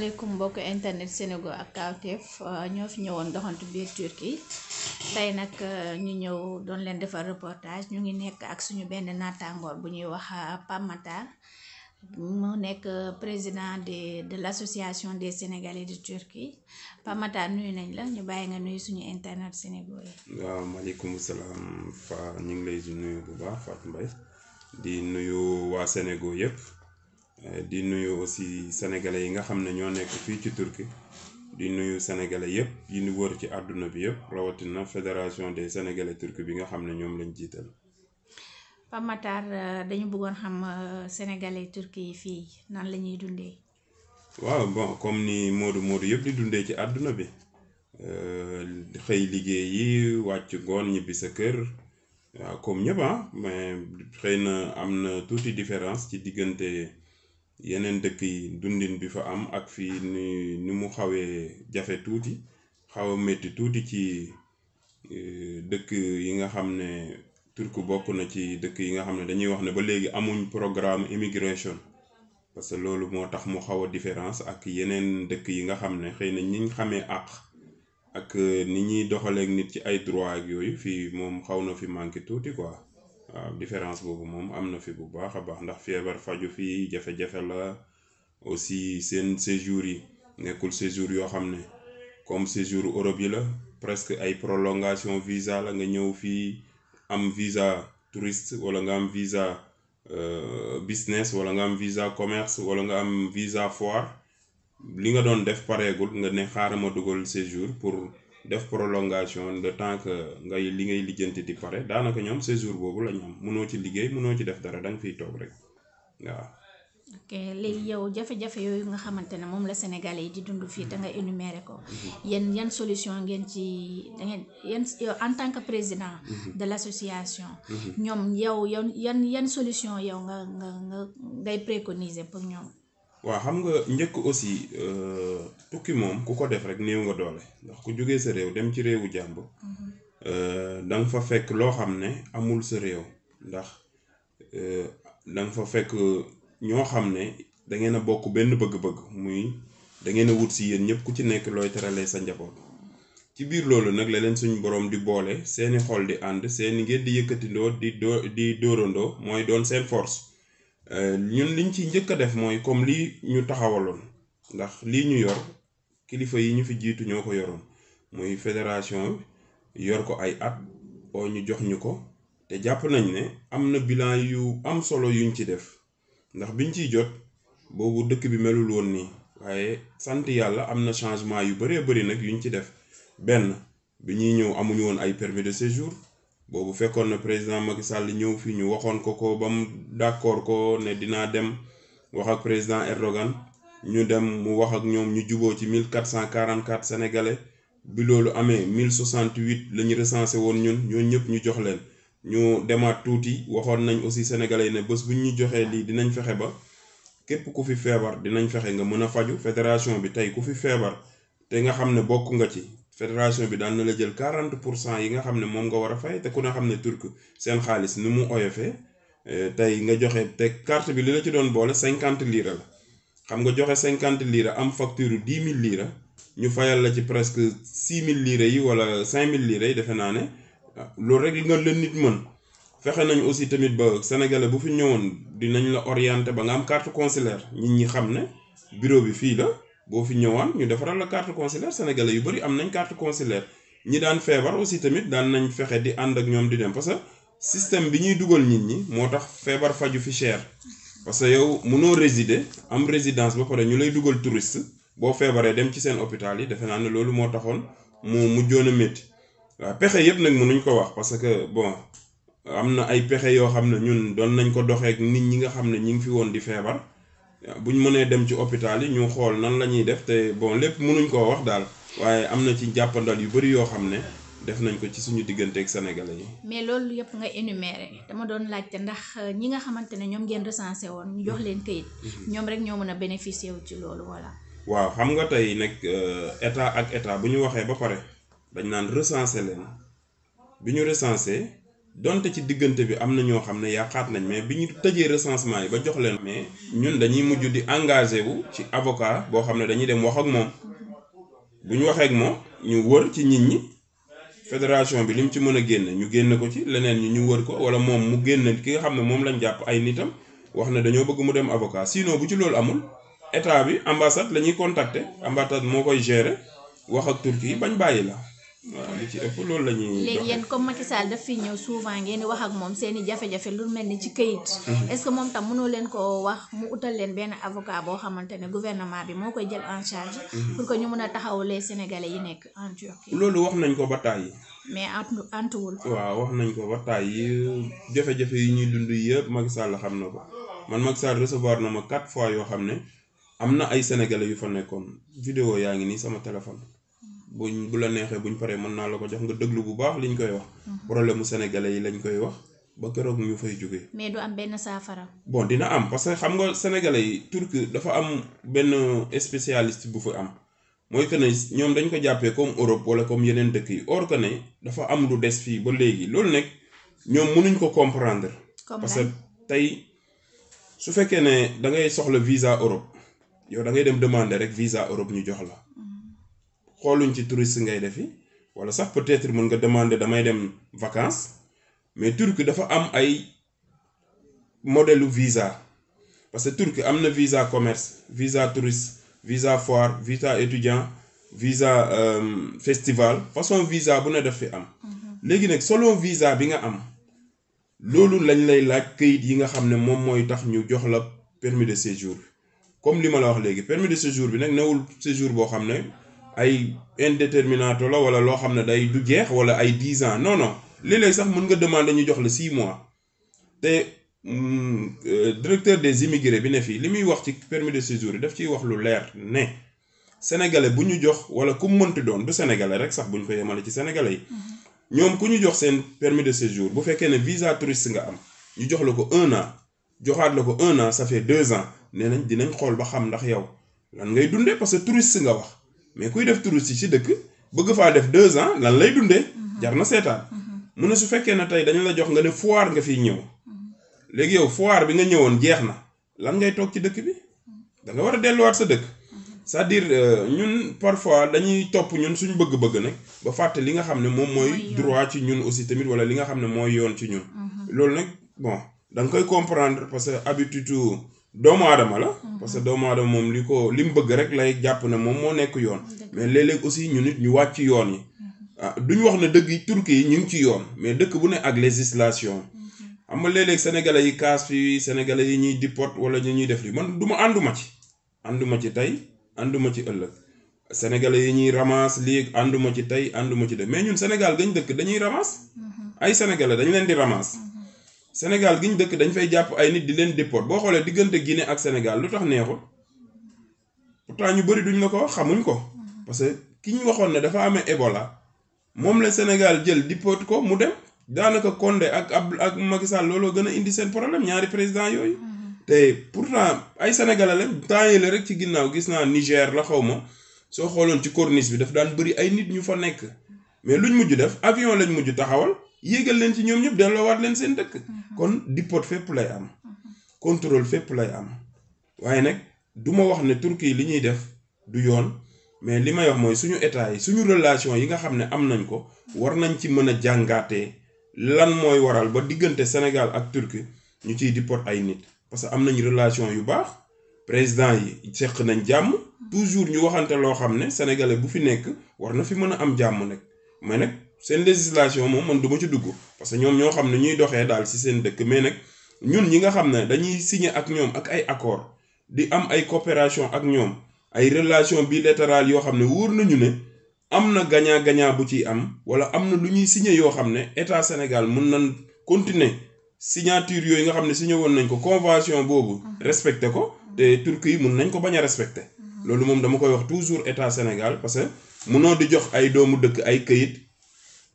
asalaamaaleykum mbokk internet Sénégal ak Kawtef euh, ñoo fi ñëwoon doxantu biir Turquie tey nag euh, ñu ñëw doon leen defal reportage ñu ngi nekk ak suñu benn nataangoor bu ñuy wax euh, pamata Matar mu nekk président de de l' association des Sénégalais de Turquie pamata nuyu nañ la ñu bàyyi nga nuyu suñu internet Sénégal yi. waaw maaleykum salaam fa ñu ngi lay nuyu bu baax Fatou Mbaye di nuyu waa Sénégal yëpp. Eh, di nuyu aussi sénégalais yi nga xam ne ñoo nekk fii ci turki di nuyu sénégalais yëpp yi ñu wër ci àdduna bi yëpp rawatina fédération des sénégalais turki bi nga xam ne ñoom lañ jiital. Pape Matar euh, dañu bëggoon xam euh, sénégalais turki yi fii nan lañuy ñuy dundee. waaw bon comme ni Modou Modou yëpp di dundee ci àdduna bi euh, xëy liggéey yi wàcc ngoon ñibbi sa kër. waaw comme ñëpp ah mais xëy na am na tuuti différence ci diggante. yeneen dëkk yi dundin bi fa am ak fii ni mu xawee jafe tuuti xaw a métti tuuti ci e, dëkk yi nga xam ne Turquie bokk na ci dëkk yi nga xam ne dañuy wax ne ba léegi amuñ programme immigration parce que loolu moo tax mu xaw a différence ak yeneen dëkk yi nga xam ne xëy na ñiñ xamee àq ak e, ni ñuy doxaleeg nit ci ay droit ak yooyu fii moom xaw na fi manqué tuuti quoi waaw euh, différence boobu moom am na fi bu baax a baax ndax feebar faju fii jafe-jafe la aussi seen séjour yi nekkul séjour yoo xam ne comme séjour Europe yi la presque ay prolongation visa la nga ñëw fii am visa touriste wala nga am visa euh, business wala nga am visa commerce wala nga am visa foire li nga doon def pareegul nga ne xaaral ma dugal séjour pour def prolongation de tant que ngay li ngay lijjanti di pare daanaka ñoom séjour boobu la ñu mënoo ci liggéey mënoo ci def dara da nga fiy toog rek waaw. ok léegi yow jafe-jafe yooyu nga xamante ne moom la Sénégalais yi di dund fii te nga énuméré ko mhm. yéen yan solution ngeen ci da ngeen tant que président mhm. de l'association mhm. ñoom yow yan yan yan solution yow nga nga nga ngay préconiser pour ñoom waaw xam nga njëkk aussi euh, tukki moom ku ko def rek néew nga doole ndax ku jógee sa réew dem ci réewu jàmb euh, da nga fa fekk loo xam ne amul sa réew ndax euh, da nga fa fekk ñoo xam ne da ngeen a bokk benn bëgg-bëgg muy da ngeen a wut si yéen ñëpp ku ci nekk looy teralee sa njaboot ci biir loolu nag la leen suñu borom di boole seeni xool di ànd seeni ngeen di yëkkati yëkkatindoo di doo di dóorandoo mooy doon seen force. Euh, ñun liñ ci njëkk a def mooy comme lii ñu taxawaloon ndax lii ñu yor kilifa yi ñu fi jiitu ñoo ko yoroon muy fédération yor ko ay at oo ñu jox ñu ko te jàpp nañ ne am na bilan yu am solo yuñ ci def ndax biñ ciy jot boobu dëkk bi melul woon nii waaye sant yàlla am na changement yu baree bari nag yuñ ci def benn bi ñuy ñëw amuñu woon ay permis de séjour boobu fekkoon na président Macky Sall ñëw fii ñu waxoon ko ko ba mu d'accord ko ne dinaa dem wax ak président Erdogan ñu dem mu wax ak ñoom ñu juboo ci 1444 sénégalais bi loolu amee 1068 la ñu recensé woon ñun ñoo ñëpp ñu jox leen ñu demaat tuuti waxoon nañ aussi sénégalais yi ne bés bu ñu joxee lii dinañ fexe ba képp ku fi feebar dinañ fexe nga mën a faju fédération bi tey ku fi feebar te nga xam ne bokk nga ci fédération bi daan na la jël quarante pour cent yi nga xam ne moom nga war a fay te ku ne xam ne turc seen xaalis nu mu oyofee eh, tey nga joxe te carte bi li la ci doon boole cinquante lira la xam nga joxe cinquante lira am facture dix mille lira ñu fayal la ci presque six mille lira yi wala cinq mille lira yi defe naa ne ah, loolu rek li nga leen nit mën fexe nañ aussi tamit ba sénégalais bu fi ñëwoon dinañ la orienté ba nga am carte consulaire nit ñi xam ne bureau bi fii la. boo fi ñëwaan ñu defaral la carte consulaire sénégalais yu bëri am nañ carte consulaire ñi daan feebar aussi tamit daan nañ fexe di ànd ak ñoom di dem parce que système bi ñuy dugal nit ñi moo tax feebar faju fi cher parce que yow munoo résider am résidence ba pare ñu lay dugal touriste boo feebaree dem ci seen hôpital yi defe naa ne loolu moo taxoon mu mujjoon a métti pexe yëpp nag mënuñ ko wax parce que bon am na ay pexe yoo xam ne ñun doon nañ ko doxeek nit ñi nga xam ne ñi ngi fi woon di feebar bu ñu mënee dem ci hôpital yi ñu xool nan la ñuy def te bon lépp mënuñ koo wax daal waaye am na ci jàppandal yu bëri yoo xam ne def nañ ko ci suñu digganteeg sénégalais yi. mais loolu yëpp nga énuméré dama doon laajte ndax euh, ñi nga xamante ne ñoom ngeen recensé woon ñu jox leen këyit. Mhm. ñoom rek ñoo mën a bénéficié wu ci loolu voilà. waaw xam nga tey nag euh, état ak état bu ñu waxee ba pare dañ naan recensé leen bi ñu recensé. donte ci diggante bi am na ñoo xam ne yàqaat nañ mais bi ñu tëjee recensement yi ba jox leen. mais ñun dañuy mujj di engagé wu ci avocat boo xam ne dañuy dem wax ak moom bu ñu waxee ak moom ñu wër ci nit ñi fédération bi li mu ci mën a génn ñu génn ko ci leneen ñi ñu wër ko wala moom mu génne ki nga xam ne moom lañ jàpp ay nitam wax ne dañoo bëgg mu dem avocat sinon bu ci loolu amul état bi ambassade la ñuy contacter ambassade moo koy gérer wax ak Turquie bañ bàyyi la. waaw li ci loolu la ñuy léegi yéen comme Macky Sall daf fi ñëw souvent ngeen di wax ak moom seeni i jafe-jafe lu mel ni ci kayit mhm. est-ce que moom tam mënoo leen ko wax mu utal leen benn avocat boo xamante ne gouvernement bi moo koy jël en charge mhm. pour que ñu mën a taxaw les sénégalais yi nekk en loolu wax nañ ko ba tàyyi mais antu antuwul waaw wax nañ ko ba tàyyi jafe-jafe yi ñuy dund yëpp Macky Sall xam na ko man Macky Sall recevoir na ma quatre fois yoo xam ne am na ay sénégalais yu fa nekkoon vidéo yaa ngi nii sama téléphone buñ bu la neexee buñ paree mën naa la ko jox nga déglu bu baax liñ koy wax. Mhm. problème mu sénégalais yi lañ koy wax ba keroog ñu fay jógee. mais du am benn saafara. bo dina am parce que xam nga sénégalais yi turc dafa am benn spécialiste bu fa am mooy que ne ñoom dañ ko jàppee comme Europe wala comme yeneen dëkk yi or que ne dafa am lu des fii ba léegi loolu nag ñoom mënuñ ko comprendre. parce tey su fekkee ne da ngay soxla visa Europe yow da ngay dem demander rek vis Europe ñu jox la. xooluñ ci touriste ngay defi wala sax peut-être mun nga demander damay dem vacances mais turki dafa am ay modèlu visa parce que turki am na visa commerce visa touriste visa foire visa étudiant visa euh, festival façon visa bu ne def fi am mhm. léegi nag solo visa bi nga am loolu lañ lay laaj kayit yi nga xam ne moom mooy tax ñu jox la permis de séjour comme li ma la wax léegi permis de séjour bi nag newul séjour boo xam ne ay indéterminato la wala loo xam ne day du jeex wala ay dix ans non non léeg sax mën nga demander ñu jox la six mois te euh, directeur des immigrés bi ne fii li muy wax ci permis de séjour yi daf ciy wax lu leer ne sénégalais bu ñu jox wala ku mënti doon du sénégalais rek sax bu ñu ko yemale ci sénégalais yi. Mm-hmm. ñoom ku ñu jox seen permis de séjour bu fekkee ne visa touriste nga am ñu jox la ko un an joxaat la ko un an ça fait deux ans nee nañ dinañ xool ba xam ndax yow lan ngay dundee parce que touriste nga wax. mais kuy def touriste ci dëkk bëgg faa def deux ans lan lay dundee. jar na seetaan. mu na su fekkee ne tey dañu la jox nga ne foire nga fiy ñëw. léegi yow foire bi nga ñëwoon jeex na lan ngay toog ci dëkk bi da war a delluwaat sa dëkk. c'est-à-dire euh, ñun parfois dañuy topp ñun suñu bëgg-bëgg nag ba fàtte li nga xam ne moom mooy droit ci ñun aussi tamit walla li nga xam ne mooy yoon ci ñun. Mhm. loolu nag bon danga koy comprendre parce que habitude. doomu aadama la. Mhm. parce que doomu aadama moom li ko li bëgg rek lay jàpp na moom moo nekk yoon. mais léeg aussi ñu nit ñu wàcc yoon yi. Mhm. ah duñu wax ne dëgg yi turki yi ñu ngi ci yoon mais dëkk bu ne ak législation. Mhm. xam nga léeg sénégalais yi kaas fi sénégalais ñuy dipot wala ñu ñuy def li man du ma ànduma ci. ànduma ci tey ànduma ci ëllëg sénégalais yi ñuy ramas lii ànduma ci tey ànduma ci de mais ñun Sénégal gañ dëkk dañuy ramas. ay sénégalais dañ leen di ramas. Sénégal gi ñu dëkk dañ fay jàpp ay nit di leen déport boo xoolee diggante Guinée ak senegal lu tax neexul pourtant ñu bëri duñ la ko xamuñ ko parce que ki ñu waxoon ne dafa amee Ebola moom la Sénégal jël déport ko mu dem daanaka Condé ak ab ak Macky Sall looloo gën a indi seen problème ñaari président yooyu. te pourtant ay sénégalais lañ temps la rek ci ginnaaw gis naa Niger la xaw ma soo xooloon ci corniche bi daf daan bëri ay nit ñu fa nekk mais luñ mujj def avion lañ mujj taxawal. yéegal leen ci ñoom ñëpp delloowaat leen seen dëkk. Mm-hmm. kon dippot fépp lay am. contrôle fépp lay am. waaye nag duma wax ne Turquie li ñuy def du yoon mais li may wax mooy suñu état yi suñu relation yi nga xam ne am nañ ko war nañ ci mën a jàngaatee lan mooy waral ba diggante Sénégal ak turki ñu ciy dippot ay nit parce que am nañ relation yu baax président yi seq nañ jàmm mm-hmm. jours ñu waxante loo xam ne sénégalais bu fi nekk war na fi mën a am jàmm nag mais nag. seen législation moom man du ma ci dugg parce que ñoom ñoo xam ne ñuy doxee daal ci seen dëkk mais nag ñun ñi nga xam ne dañuy signer ak ñoom ak ay accord di am ay coopération ak ñoom ay relation bilatérale yoo xam ne wóor nañu ne am na gagnant gagnant bu ci am wala am na lu ñuy signer yoo xam ne état Sénégal mun nañ continuer signature yooyu nga xam ne signé woon nañ ko convention boobu mhm. respecté ko te mhm. Turquie mun nañ ko bañ a respecté mhm. loolu moom dama koy wax toujours état Sénégal parce que mënoo di jox ay doomu dëkk ay këyit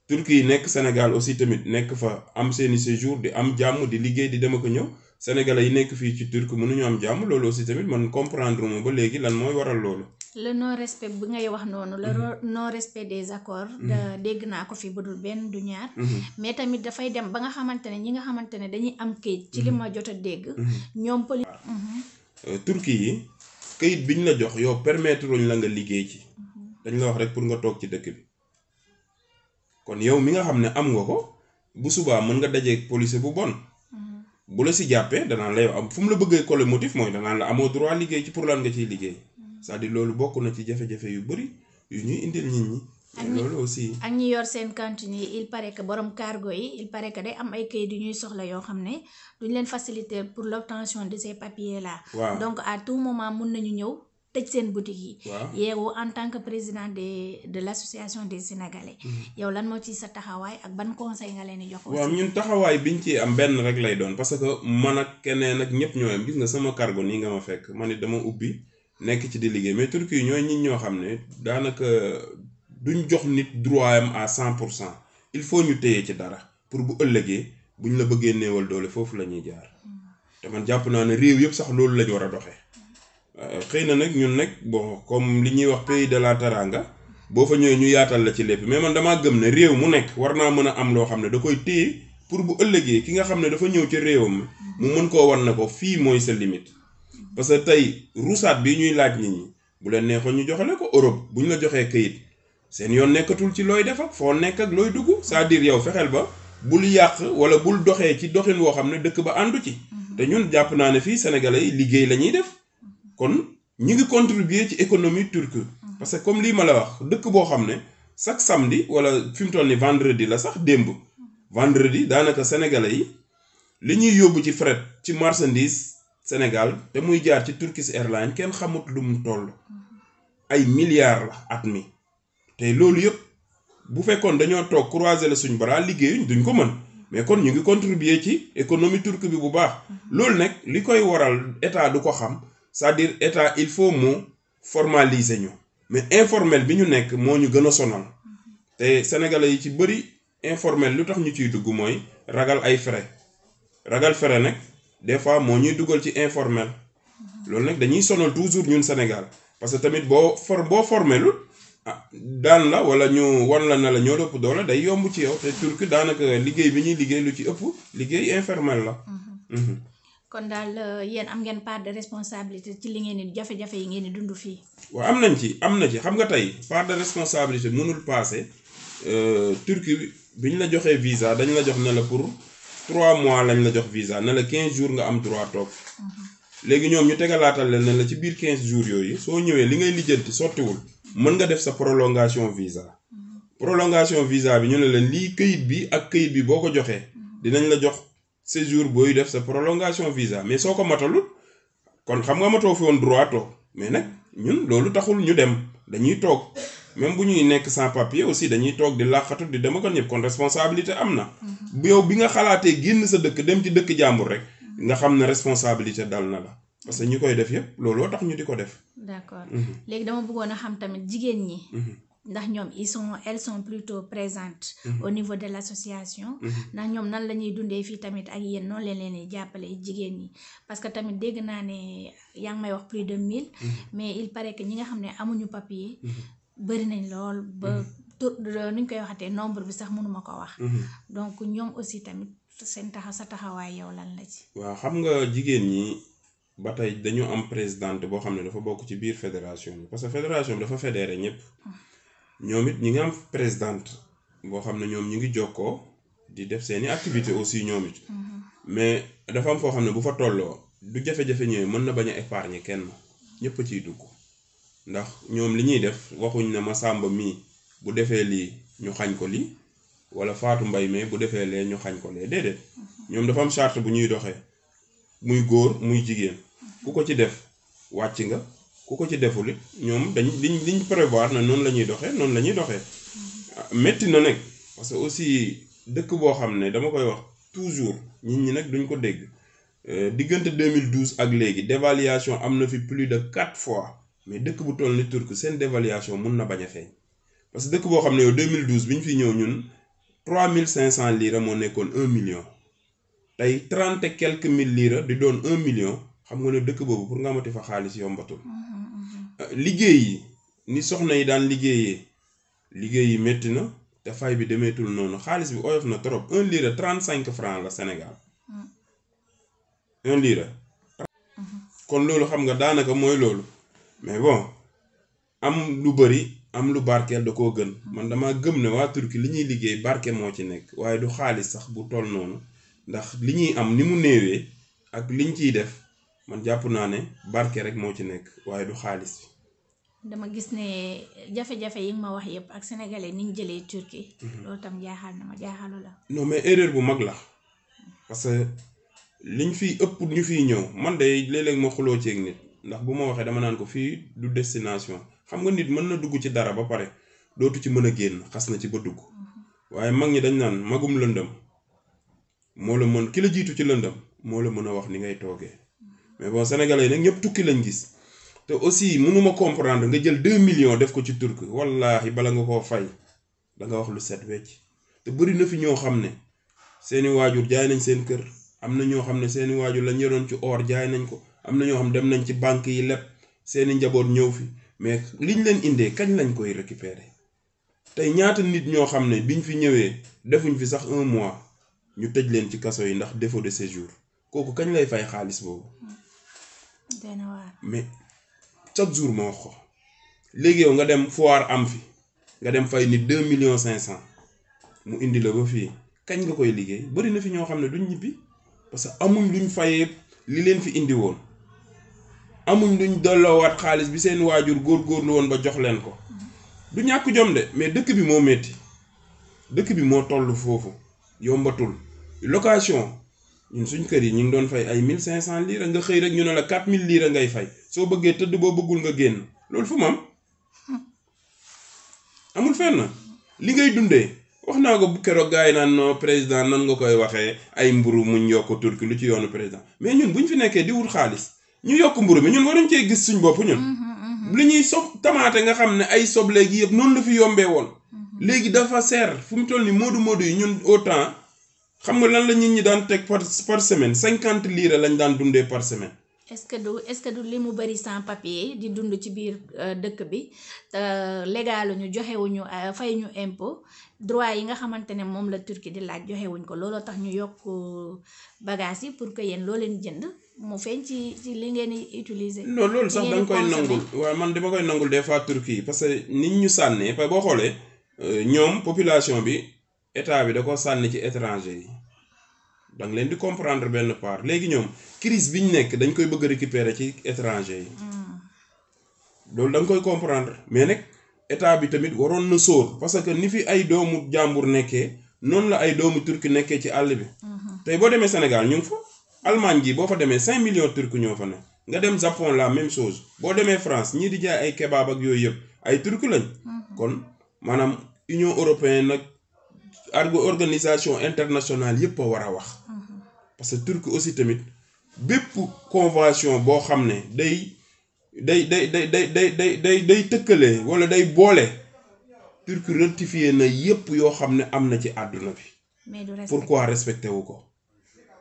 turki yi nekk Sénégal aussi tamit nekk fa am seeni séjour di am jàmm di liggéey di dem ko ñëw sénégalais yi nekk fii ci turk mënuñu am jàmm loolu aussi tamit man comprendre mo ba léegi lan mooy waral loolu. le non respect bi ngay wax noonu. le mhm. non respect des accords. Mhm. dégg naa ko fi bu dul benn du ñaar. Mhm. mais tamit dafay dem ba nga xamante ne ñi nga xamante ne dañuy am këyit. ci li ma jot a dégg. ñoom poli. Ah. Euh, turki yi këyit biñ la jox yow permettre la nga liggéey ci. dañ la wax rek pour nga toog ci dëkk bi. kon yow mi nga xam ne am nga ko bu subaa mën nga dajeeg policier bu bon mm-hmm. bu la si jàppee danaan la yow am fu mu la bëggee collé motif mooy danaan la amoo droit liggéey ci pour lan nga ciy liggéey mm-hmm. cest à loolu bokk na ci jafe-jafe yu bëri yu ñuy indil nit ñi. ak loolu aussi ak ñi yor seen cantine yi il paraît que borom cargo yi il paraît que day am ay kayit yu ñuy soxla yoo xam ne duñ leen faciliter pour l'obtention de ces papiers là. waaw donc à tout moment mun nañu ñëw. tëj seen boutique yi. yeewu en tant que président des de l' association des yow lan moo ci sa taxawaay ak ban conseil nga leen di jox. ñun taxawaay biñ ci am benn rek lay doon parce que man ak keneen ak ñëpp ñoo yem gis nga sama cargo nii nga ma fekk man it dama ubbi nekk ci di liggéey mais turki ñooy nit ñoo xam ne daanaka duñ jox nit droit am à cent pour cent il faut ñu téye ci dara pour bu ëllëgee buñ la bëggee néewal doole foofu la ñuy jaar. Hmm. te man jàpp naa ne réew yëpp sax loolu lañ war a doxee. Euh, xëy na nag ñun nag boo comme li ñuy wax pays de la Teranga boo fa ñëwee ñu yaatal la ci lépp mais man damaa gëm ne réew mu nekk war naa mën a am loo xam ne da koy téye pour bu ëllëgee ki nga xam ne dafa ñëw ci réewam mu mën koo wan na ko fii mooy sa limite parce que tey ruusaat bi ñuy laaj nit ñi bu leen neexoon ñu joxe joxale ko Europe bu ñu la joxee këyit seen yoon nekkatul ci looy def ak foo nekk ak looy dugg cest diir yow fexeel ba bul yàq wala bul doxee ci doxin woo xam ne dëkk ba àndu ci mm-hmm. te jàpp naa ne fii sénégalais liggéey la ñuy def kon ñu ngi contribuer ci économie turque parce que comme lii ma la wax dëkk boo xam ne chaque samedi wala fi mu toll ni vendredi la sax démb vendredi daanaka sénégalais yi li ñuy yóbbu ci fret ci marchandise Sénégal te muy jaar ci Turkish Airlines kenn xamut lu mu toll ay milliards la at mi te loolu yëpp bu fekkoon dañoo toog croiser la suñu bras liggéeyuñ duñ ko mën mais kon ñu ngi contribuer ci économie turque bi bu baax loolu nag li koy waral état du ko xam c'est-à-dire état il faut mu formaliser ñu mais informel bi ñu nekk moo ñu gën a sonal te sénégalais yi ci bëri informel lu tax ñu ciy dugg mooy ragal ay frais ragal frais nag des fois moo ñuy dugal ci informel loolu nag dañuy sonal toujours ñun Sénégal parce que tamit boo for boo formelu ah daan la wala ñu wan la na la ñoo ëpp doole day yomb ci yow te turki daanaka liggéey bi ñuy liggéey lu ci ëpp liggéey informel la. Mm-hmm. Mm-hmm. kon daal eh, yéen am ngeen part de responsabilité ci li ngeen di jafe-jafe yi ngeen di fii. waaw am nañ ci am na ci xam nga tey part de responsabilité mënul passé eh, Turquie bi ñu la joxee visa dañ la jox ne la pour trois mois lañ la jox visa ne la quinze jours nga am droit toog. Mm-hmm. léegi ñoom ñu tegalaatal la ne la ci biir quinze jours yooyu soo ñëwee li ngay lijjanti sottiwul mën nga def sa prolongation visa. Mm-hmm. prolongation visa bi ñu ne la lii këyit bi ak këyit bi boo ko joxee mm-hmm. dinañ la jox. séjour booy def sa prolongation visa mais soo ko matalul kon xam nga matoo fi woon droit mais nag ñun loolu taxul ñu dem dañuy toog même bu ñuy nekk sans papier aussi dañuy toog di laaxatu di dama ko ñëpp kon responsabilité am na. yow bi nga xalaatee génn sa dëkk dem ci dëkk jàmbur rek nga xam ne responsabilité dal na la. parce que ñi koy def yëpp looloo tax ñu di ko def. d'accord mhm. léegi dama bëggoon a xam tamit jigéen ñi. Mhm. ndax ñoom ils sont elles sont plutôt présentes mhm. au niveau de l'association mhm. ndax ñoom nan la ñuy dundee fii tamit ak yéen noonu leen leen jàppale jigéen ñi parce que tamit dégg naa ne yaa ngi may wax plus de mille mhm. mais il paraît que ñi nga xam ne amuñu papier bëri nañ lool ba nu ñu koy waxatee nombre bi sax mënuma ko wax donc ñoom aussi tamit seen taxaw sa taxawaay yow lan la ci waaw xam nga jigéen ñi ba tey dañu am présidente boo xam ne dafa bokk ci biir fédération bi parce que fédération bi dafa fédéré ñëpp ah. ñoom it ñi ngi am présidente boo xam ne ñoom ñu ngi jokkoo di def seeni activité aussi ñoom it mm-hmm. mais dafa am foo xam ne bu fa tolloo du jafe-jafe ñëwee mën na bañ a épargner kenn ñëpp ciy dugg ndax ñoom li ñuy def waxuñ ne ma sàmba mii bu defee lii ñu xañ ko lii wala faatu mbay mais bu defee lee ñu xañ ko lee déedéet mm-hmm. ñoom dafa am charte bu ñuy doxee muy góor muy jigéen ku ko ci def wàcc nga ku ko ci deful it ñoom dañ liñ liñ prévoir na noonu la ñuy doxee noonu la ñuy doxee mm-hmm. métti na nag parce que aussi dëkk boo xam ne dama koy wax toujours nit ñi nag duñ ko dégg euh, diggante 2012 ak léegi dévaluation am na fi plus de quatre fois mais dëkk bu toll ni Turquie seen dévaluation mun na bañ a feeñ parce que dëkk boo xam ne yow 2012 bi ñu fi ñëw ñun cent lira moo nekkoon 1 million tey 30 et quelques mille lira di doon 1 million xam nga ne dëkk boobu pour nga amati fa xaalis yombatul. Mm-hmm. liggéey yi ni soxna yi daan liggéeyee liggéey yi métti na te fay bi demeetul noonu xaalis bi oyof na trop un lira trente cinq franc la Sénégal mm. un lira mm-hmm. kon loolu xam nga daanaka mooy loolu mais bon am lu bëri am lu barkeel da koo gën mm-hmm. man dama gëm ne waa Turki li ñuy liggéey barke moo ci nekk waaye du xaalis sax bu toll noonu ndax li ñuy am ni mu néewee ak liñ ciy def man jàpp naa ne barke rek moo ci nekk waaye du xaalis dama gis ne jafe-jafe yi nga ma wax yëpp ak sénégalais ni ñu jëlee Turquie mhm. loolu tam jaaxal na ma jaaxalu la non mais erreur bu mag la parce que liñ fi ëpp ñu fi ñëw man de léeg-léeg ma xuloo ceeg nit ndax bu ma waxee dama naan ko fii du destination xam nga nit mën na dugg ci dara ba pare dootu ci mën a génn xas na ci ba dugg mhm. waaye mag ñi dañ naan magum lëndëm moo la mën ki la jiitu ci lëndëm moo la mën a wax ni ngay toogee mais bon sénégalais yi nag ñëpp tukki lañ gis te aussi mënuma comprendre nga jël deux millions def ko ci turc wallaahi bala nga koo fay da nga wax lu set wecc te bëri na fi ñoo xam ne seeni waajur jaay nañ seen kër am na ñoo xam ne seeni waajur lañ yoroon ci or jaay nañ ko am na ñoo xam ne dem nañ ci banque yi leb seeni njaboot ñëw fi mais liñ leen indee kañ lañ koy récupérer tey ñaata nit ñoo xam ne biñ fi ñëwee defuñ fi sax un mois ñu tëj leen ci kaso yi ndax défaut de séjour kooku kañ lay fay xaalis boobu mais chaque jour ma wax ko léegi yow nga dem foire am fi nga dem fay ni deux million cinq cent mu indi la ba fii kañ nga koy liggéey bëri na fi ñoo xam ne duñ ñibbi parce que amuñ luñ fayee li leen fi indi woon amuñ luñ dolloowaat xaalis bi seen waajur góor góorgóorlu woon ba jox leen ko du ñàkk jom de mais dëkk bi moo metti dëkk bi moo toll foofu yombatul location ñun suñ kër yi ñu ngi doon fay ay mille cinq cent lire nga xëy rek ñu ne la quatre mille lire ngay fay soo bëggee tëdd boo bëggul nga génn loolu fu mu am amul fenn li ngay dundee wax naa ko bu keroog gars yi naan non président nan nga koy waxee ay mburu muñ yokk turki lu ci yoonu président mais ñun bu ñu fi nekkee di wut xaalis ñu yokk mburu mi ñun war waruñ cee gis suñ bopp ñun. Mm-hmm, mm-hmm. li ñuy sob tamaate nga xam ne ay soble gi yëpp noonu la fi yombee woon. Mm-hmm. léegi dafa seer fu mu toll nii moodu moodu ñun au temps xam nga lan la nit ñi daan teg par par semaine cinquante lire lañ daan dundee par semaine. est-ce que du est-ce que du li mu bëri sans papier di dund ci biir euh, dëkk bi euh, légal ñu joxewuñu euh, fay ñu impôt droit yi nga xamante ne moom la Turquie di laaj joxewuñ ko looloo tax ñu yokk bagage yi pour que yéen loo leen jënd mu feeñ ci ci li ngeen di utiliser. non loolu sax da nga koy nangul waaye man dama koy nangul des fois Turquie parce que nit ñu sànnee parce que boo xoolee ñoom population bi état bi ko sànni ci étranger yi. da nga leen di comprendre benn part léegi ñoom crise bi ñu nekk dañ koy bëgg a récupérer ci étranger yi. Hmm. loolu dañ koy comprendre mais nag état bi tamit waroon na sóor parce que ni fi ay doomu jàmbur nekkee noonu la ay doomu turki nekkee ci àll bi. Hmm. tey boo demee Sénégal ñu fa. Allemagne gi boo fa demee cinq millions turc ñoo fa ne nga dem Japon la même chose boo demee France ñii di jaay ay kebab ak yooyu yëpp ay turc lañ. Hmm. kon maanaam Union européenne nag organisation internationale yëpp a war a wax. parce que turc aussi tamit bépp convention boo xam ne day day day day day day day day day tëkkale wala day boole turc rectifié na yépp yoo xam ne am na ci àdduna bi pourquoi respecté wu ko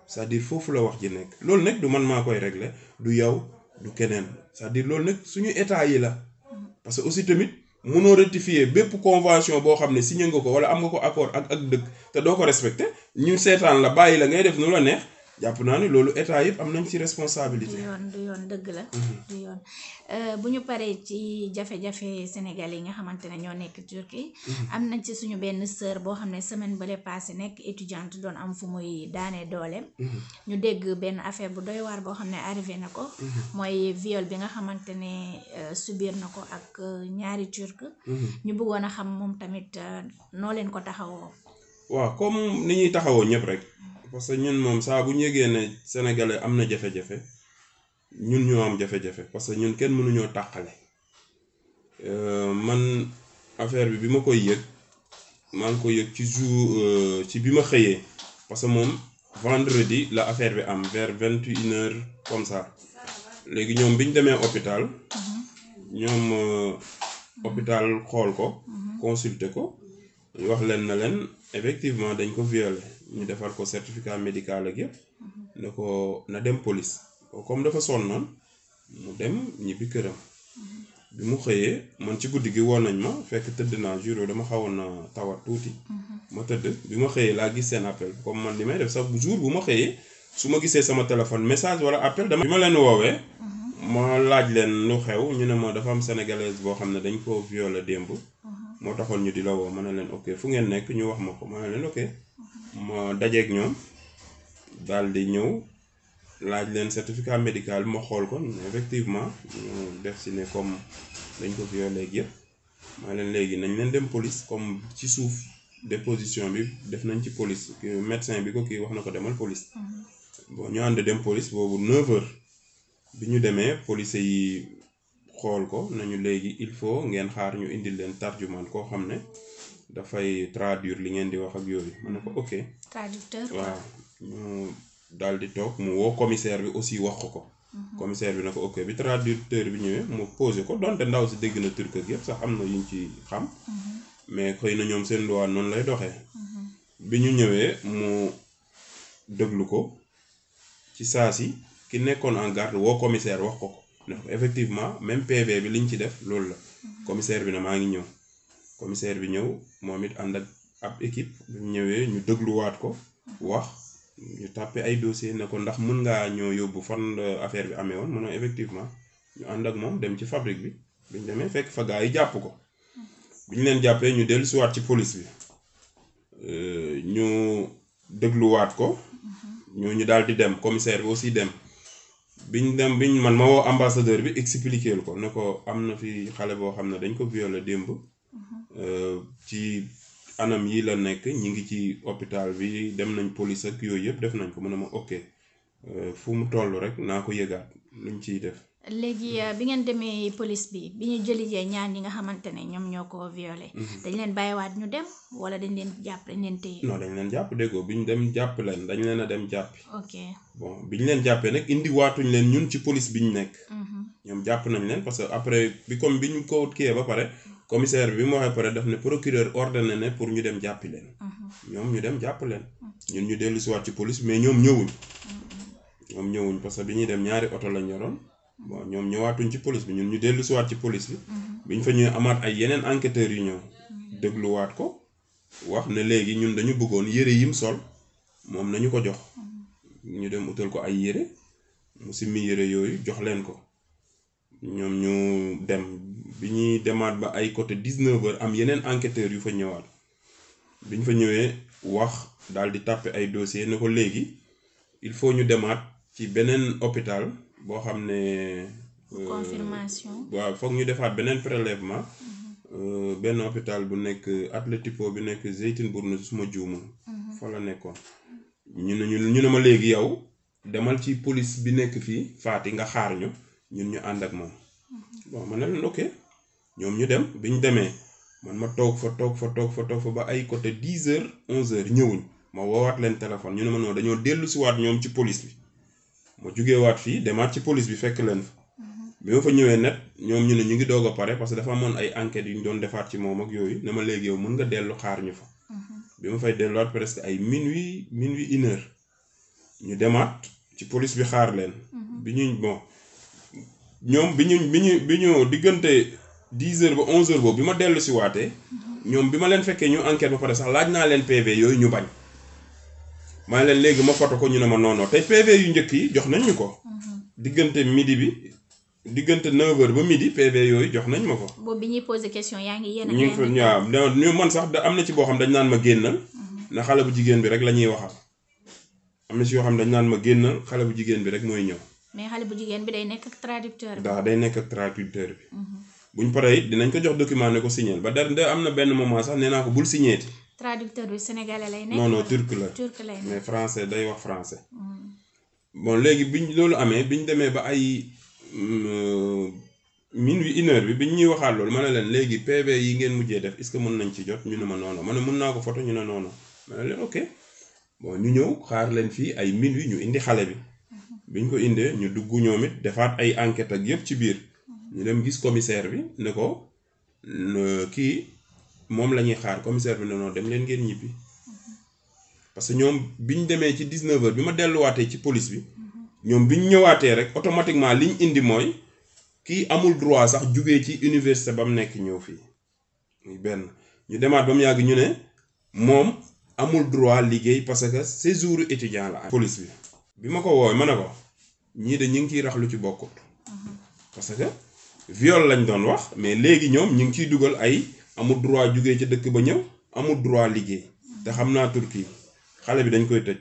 cest à foofu la wax ji nekk loolu nag du man maa koy régler du yow du keneen c'est-à-dire loolu nag suñu état yi la mm-hmm. parce que aussi tamit mënoo rectifier bépp convention boo xam ne signé nga ko wala am nga ko accord ak ak dëkk te doo ko respecté ñu seetaan la bàyyi la ngay def nu la neex jàpp naa ne loolu état yëpp am nañ ci responsabilité. du yoon du yoon dëgg la. Mhm. du yoon euh, bu ñu paree ci jafe-jafe Sénégal yi nga xamante ne ñoo nekk Turquie. Mhm. am nañ ci suñu benn sœur boo xam ne semaine bële passé nekk étudiante doon am fu muy daanee dooleem. Mhm. ñu dégg benn affaire bu doy waar boo xam ne arrivé na ko. mooy viole bi nga xamante ne euh, subir na ko ak euh, ñaari turc. ñu bëggoon a xam moom tamit noo leen ko taxawoo. waaw comme ni ñuy taxawoo ñëpp rek. parce que ñun moom saa bu ñu yëgee ne sénégalais am na jafe-jafe ñun ñoo am jafe-jafe parce que ñun kenn mënuñoo tàqale euh, man affaire bi bi ma koy yëg maa ngi koy yëg ci jour euh, ci bi ma xëyee parce que moom vendredi la affaire bi am vers vingt et une heures comme ça léegi ñoom bi ñu demee hopital ñoom euh, hôpital xool ko mhm. consulter ko wax leen na leen effectivement dañ ko violer ñu defal ko certificat médical ak yëpp ne ko na dem police comme dafa sonnoon mu dem ñibbi këram bi mu xëyee man ci guddi gi woon nañ ma fekk tëdd naa juro dama xawoon na tawat tuuti ma tëdd bi ma xëyee laa gis seen appel comme man li may def sax jour bu ma xëyee su ma gisee sama téléphone message wala appel dama ma leen woowee ma laaj leen lu xew ñu ne ma dafa am sénégalaise boo xam ne dañ ko violé démb moo taxoon ñu di la woo ma ne leen ok fu ngeen nekk ñu wax ma ko ma ne leen ma dajeeg ñoom daal di ñëw laaj leen certificat médical bi ma xool ko effectivement ñu def si ne comme dañ ko violé léegi yëpp maa leen léegi nañ leen dem police comme ci suuf déposition bi def nañ ci police médecin bi ko ki wax na ko demal police mhm. ñu ànd dem police boobu 9 heures bi ñu demee police yi xool ko nañu léegi il faut ngeen xaar ñu indil leen tarjumaan koo xam ne dafay traduire li ngeen di wax ak yooyu ma ne ko ok. traducteur waaw mu dal di toog mu woo commissaire bi aussi wax ko ko. Mhm. commissaire bi na ko ok bi traducteur bi ñëwee mu posé ko donte ndaw si dégg na turc ak yëpp sax am na ñu ci xam. Mhm. mais xëy na ñoom seen luwaan noonu lay doxee. Mhm. bi ñu ñëwee mu déglu ko ci saa si ki nekkoon en garde woo commissaire wax ko ko. effectivement même PV bi li ñu ci def loolu la. commissaire bi na maa ngi ñëw. commissaire bi ñëw moom it ànd ak ab équipe bu ñëwee ñu dégluwaat ko wax ñu tàppee ay dossier ne ko ndax mën ngaa ñoo yóbbu fan affaire bi amee woon mu ne effectivement ñu ànd ak moom dem ci fabrique bi buñ demee fekk fa yi jàpp ko bi ñu leen jàppee ñu dellu siwaat ci police bi euh, ñu dégluwaat ko ñooñu daal di dem commissaire bi aussi dem biñ dem biñ man ma woo ambassadeur bi expliquer ko ne ko am na fi xale boo xam ne dañ ko violé démb Euh, ci anam yi la nekk ñi ngi ci hôpital bi dem nañ police ak yooyu yëpp def nañ ko mën a ma ok euh, fu mu toll rek naa ko yëgaat luñ ciy def. léegi euh, bi ngeen demee police bi bi ñu jëlijee ñaan yi nga xamante ne ñoom ñoo ko violé. Mhm. dañ leen bàyyiwaat ñu dem wala dañ leen jàpp dañ leen téye. non dañ leen jàpp déggoo bi ñu dem jàpp leen dañ leen a dem jàpp. ok bon bi ñu leen jàppee nag indi waatuñ leen ñun ci police bi ñu nekk. Mhm. ñoom jàpp nañ leen parce que après bi bi ñu ko kiiyee ba pare. commissaire bi bi mu waxee pare daf ne procureur ordonné ne pour ñu dem jàppi leen. Mhm. ñoom ñu dem jàpp leen. Mhm. ñun ñu dellu si waat ci police mais ñoom ñëwuñ. ñoom ñëwuñ parce que bi ñuy dem ñaari oto lañ yoroon. Mhm. bon ñoom ñëwaatuñ ci police bi ñun ñu dellu si waat ci police bi. ñu fa ñuy amaat ay yeneen enquêteurs yu ñëw. dégluwaat ko wax ne léegi ñun dañu bëggoon yére yim sol moom nañu ko jox. ñu dem utal ko ay yére mu simmi yére yooyu jox leen ko ñoom ñu dem. bi ñuy demaat ba ay côté 19 heures am yeneen enquêteurs yu fa ñëwaat bi ñu fa ñëwee wax daal di tàppe ay dossier ne ko léegi il faut ñu demaat ci beneen hôpital boo xam ne. Euh, confirmation. waaw foog ñu defaat beneen prélèvement. Euh, benn hôpital bu nekk Atletico bi nekk Zeytinburnu su suma juuma. Mhm. fa la nekkoon. ñu ne ñu ne ma léegi yow demal ci police bi nekk fii Fatick nga xaar ñu ñun ñu ànd ak moom. Mhm. bon ma leen ok ñoom ñu dem bi ñu demee man ma toog fa toog fa toog fa toog fa ba ay côté dix heures onze heures ñëwuñ ma woowaat leen téléphone ñu ne ma non dañoo dellu si waat ñoom ci police bi ma jugee waat fii demaat ci police bi fekk leen fa mhm. bi ma fa ñëwee net ñoom ñu ne ñu ngi doog a pare parce que dafa amoon ay enquêtes yu doon defaat ci moom yooyu ne ma léegi yow mën nga dellu xaar ñu fa mhm. bi ma fay delluwaat presque ay minuit minuit une heure ñu demaat ci police bi xaar leen mhm. bi ñuy ñoom bi ñu bi ñu bi ñu diggante dix heures ba onze heures boobu bi ma dellu si waatee ñoom bi ma leen fekkee ñu enquête ba pare sax laaj naa leen PV yooyu ñu bañ maa leen léegi ma foto ko ñu ne ma noonoo tey PV yu njëkk yi jox nañ ñu ko mhm. diggante midi bi diggante 9h ba midi PV yooyu jox nañ ma ko. boobu bi ñuy posé question yaa ngi yéen ñu ngi waaw ñu man sax am na ci boo xam dañ naan ma génnal mhm. na xale bu jigéen bi rek la ñuy waxal am na si yoo xam dañ naan ma génnal xale bu bi rek mooy ñëw. mais bu jigéen bi day nekk ak day nekk ak traducteur bi. Mhm. buñ paree dinañ ko jox document ne ko signé ba der de am na benn moment sax nee naa ko bul signé. traducteur bi sénégalais lay nekk. non non turc la turc lay mais français day wax français. Mm. bon léegi ñu loolu amee bi ñu demee ba ay mm, euh, minuit une bi bi ñu ñuy waxaat loolu ma ne leen léegi PV yi ngeen mujjee def est-ce que mën nañ ci jot ñu ne ma noonu ma ne naa ko photo ñu ne noonu ma ne leen ok ñu ñëw xaar leen fii ay minuit ñu indi xale bi. Mm-hmm. biñ ko indee ñu dugg ñoom it defaat ay enquête ak yëpp ci biir. ñu dem gis commissaire bi ne ko kii moom la ñuy xaar commissaire bi ne noonu dem leen ngeen ñibbi parce que ñoom bi ñu demee ci 19h bi ma delluwaatee ci police bi ñoom bi ñu ñëwaatee rek automatiquement li ñu indi mooy kii amul droit sax jugee ci université ba mu nekk ñëw fii benn ñu demaat ba mu yàgg ñu ne moom amul droit liggéey parce que séjour étudiant la police bi bi ma ko woowee ma ne ko ñii de ñu ngi ciy rax ci bokkut mhm. parce viol lañ doon wax mais léegi ñoom ñu ngi ciy dugal ay amul droit jugee ca dëkk ba ñëw amul droit liggéey te xam naa Turquie xale bi dañ koy tëj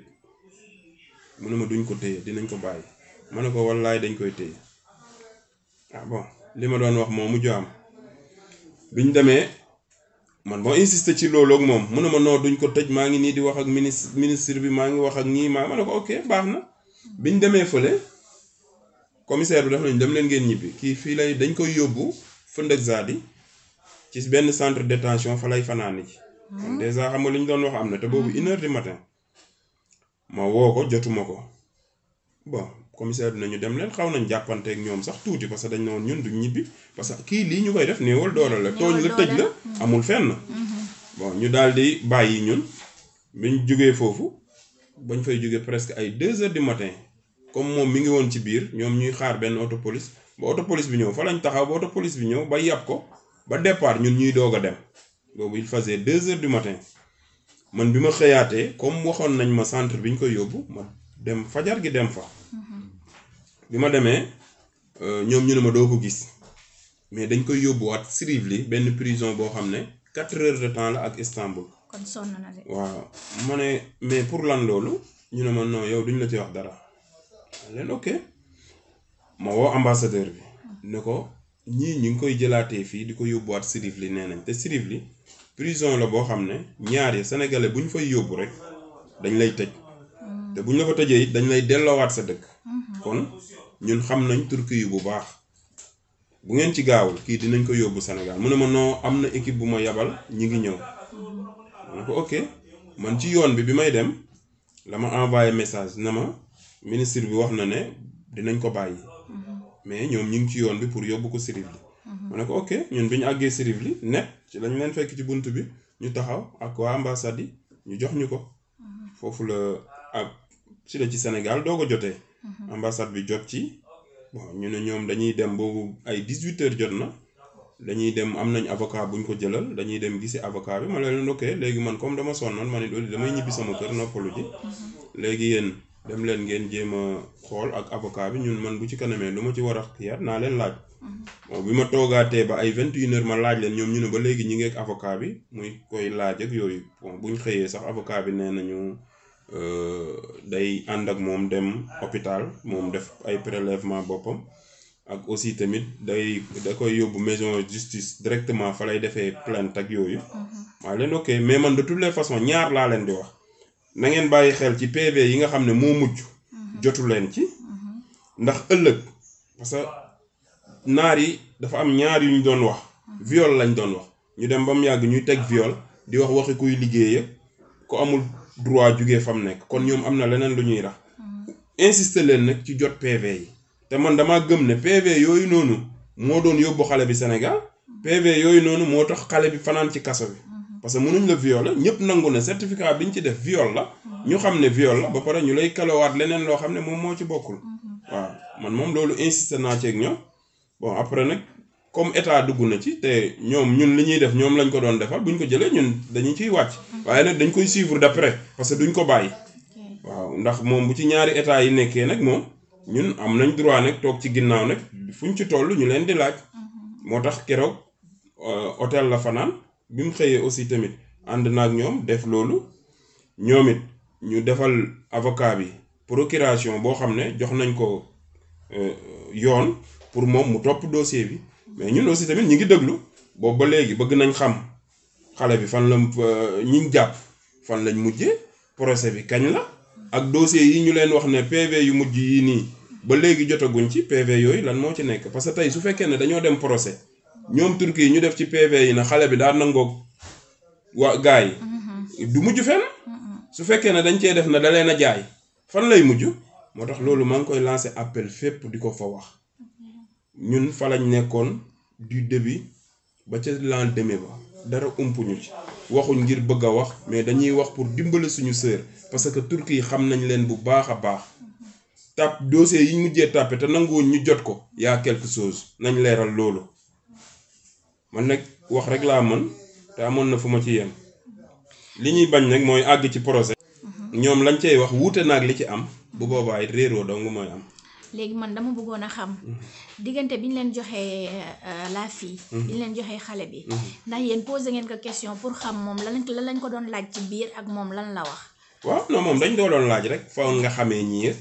mu ma duñ ko téye dinañ ko bàyyi ma ne ko wallaay dañ koy téye ah bon li ma doon wax moom mujj am bi ñu demee man boo insister ci loolu moom mu ne ma non duñ ko tëj maa ngi nii di wax ak ministre ministre bi maa ngi wax ak ñii maa ma ne ko ok baax na biñ demee fële. commissaire bi def nañu dem leen ngeen ñibbi kii fii lay dañ koy yóbbu fëndëk zaadi ci benn centre de tention fa lay fanaani ji kon hmm. dèjà xam nga li ñu doon wax am na te boobu hmm. une heure du matin ma woo ko jotuma ko bon commissaire bi nañu dem leen xaw nañ jàppanteeg ñoom sax tuuti parce que dañ ne woon ñun duñ ñibbi parce que kii lii ñu koy def néewal doole la tooñ la tëj la hmm. amul fenn bon ñu daal di bàyyi ñun biñ jógee foofu bañ fay jógee presque ay deux heures matin comme moom mi ngi woon ci biir ñoom ñuy xaar benn autopolis ba autopolis bi ñëw fa lañ taxaw ba autopolis bi ñëw ba yàpp ko ba départ ñun ñuy doog a dem boobu il fase deux heures du matin man bi ma xëyaatee comme waxoon nañ ma centre bi ñu koy yóbbu ma dem fajar gi dem fa mm-hmm. bi ma demee euh, ñoom ñu ne ma doo ko gis mais dañ koy yóbbu yóbbuwaat Sirivli benn prison boo xam ne quatre heures de temps la ak Istanbul kon sonn na waaw ma ne mais pour lan loolu ñu ne ma non yow duñ la ci wax dara leen ok ma woo ambassadeur bi ni ko ñii ñu ngi koy jëlaatee fii di ko yóbbuwaat sirif li nee nañ te sirif li prison la boo xam ne ñaari yi buñ bu fay yóbbu rek dañ lay tëj te buñ ñu la fa tëjee it dañ lay delloowaat sa dëkk kon ñun xam nañ turki yu bu baax bu ngeen ci gaawul kii dinañ ko yóbbu senegal mu ne ma noo am na équipe bu ma yabal ñi ngi ñëw ma ne ko ok man ci yoon bi bi may dem la ma envoyé message na ma ministre bi wax na ne dinañ ko bàyyi mhm. mais ñoom ñu ngi ci yoon bi pour yóbbu ko Sirivli mhm. ma ne ko ok ñun bi ñu àggee Sirivli ne ci lañu leen fekk ci bunt bi ñu taxaw ak waa ambassade yi ñu jox ñu ko mhm. foofu la ak ci la ci senegal doo ko jotee ambassade bi jot ci ñu ne ñoom dañuy dem boobu ay dix-huit jot na dañuy dem am nañ avocat ñu ko jëlal dañuy dem gisi avocat bi ma leen ok léegi man comme dama sonnoon man ne loolu damay ñibbi sama kër noppalu ji léegi yéen dem leen ngeen jéem a xool ak avocat bi ñun man bu ci kanamee lu ma ci war a xiyaat naa leen laaj. Mhm. bon bi ma toogaatee ba ay vingt une heures ma laaj leen ñoom ñu ne ba léegi ñi ngi ak avocat bi muy koy laaj ak yooyu bon buñ xëyee sax avocat bi nee nañu euh, day ànd ak moom dem hôpital moom def ay prélèvement boppam ak aussi tamit day da koy yóbbu maison justice directement fa lay defee plant ak yooyu. Mhm. waaw leen ok mais man de toutes les façons ñaar laa leen di wax. na ngeen bàyyi xel ci PV yi nga xam ne moo mujj mhm. jotu leen ci mhm. ndax ëllëg parce naar yi dafa am ñaar yu ñu doon wax mhm. viol lañ doon wax ñu dem ba mu yàgg ñuy teg viol di wax waxi kuy liggéeya ku amul droit jugee fam nekk kon ñoom am na leneen lu ñuy rax insister leen nag ci jot PV yi te man dama gëm ne PV yooyu noonu moo doon yóbbu xale bi Sénégal PV yooyu noonu moo tax xale bi fanaan ci kaso bi parce que mënuñ la violer ñëpp nangu ne certificat bi ñu ci def viol la ñu xam ne viol la ba pare ñu lay kalewaat leneen loo xam ne moom moo ci bokkul waaw man moom loolu insisté naa ci ak ñoom bon après nag comme état dugg na ci te ñoom ñun li ñuy def ñoom lañ ko doon defal bu buñ ko jëlee ñun dañu ciy wàcc waaye nag dañ koy suivre d'après parce que duñ ko bàyyi waaw ndax moom bu ci ñaari état yi nekkee nag moom ñun am nañ droit nag toog ci ginnaaw nag fuñ ci toll ñu leen di laaj moo tax keroog euh, hôtel la fanaan bi mu xëyee aussi tamit ànd ak ñoom def loolu ñoom it ñu defal avocat bi procuration boo xam ne jox nañ ko euh, yoon pour moom mu topp dossier bi mais ñun aussi tamit ñu ngi déglu boobu ba léegi bëgg nañ xam xale bi fan la euh, ñiñ jàpp fan lañ mujjee procès bi kañ la ak dossier yi ñu leen wax ne PV yu mujj yii nii ba léegi jotaguñ ci PV yooyu lan moo ci nekk parce que tey su fekkee ne dañoo dem procès ñoom turki yi ñu def ci PV yi na xale bi daa nangoo waa gars yi du mujj fenn su fekkee ne dañ cee def na da leen a jaay fan lay mujj moo tax loolu maa ngi koy lancé appel fépp di ko fa wax ñun fa lañ nekkoon du début ba ca lendemain ba dara umpuñu ci waxuñ ngir bëgg a wax mais dañuy wax pour dimbale suñu sœur parce que turki yi xam nañ leen bu baax a baax tàpp dossier yi ñu mujjee tàppe te nanguwuñ ñu jot ko yaa quelque chose nañ leeral loolu man nag wax rek laa mën te amoon na fu ma ci yem li ñuy bañ nag mooy àgg ci projet. Mhm. ñoom lañ cee wax wuute naag li ci am bu boobaa it réeroo dong mooy am. léegi man dama bëggoon a xam mhm. diggante bi ñu leen joxee euh, la fille. bi mhm. ñu leen joxee xale bi. ndax yéen posé ngeen ko question pour xam moom la lañ ko doon laaj ci biir ak moom lan la wax. waaw non moom dañ doo doon laaj rek faw nga xamee ñii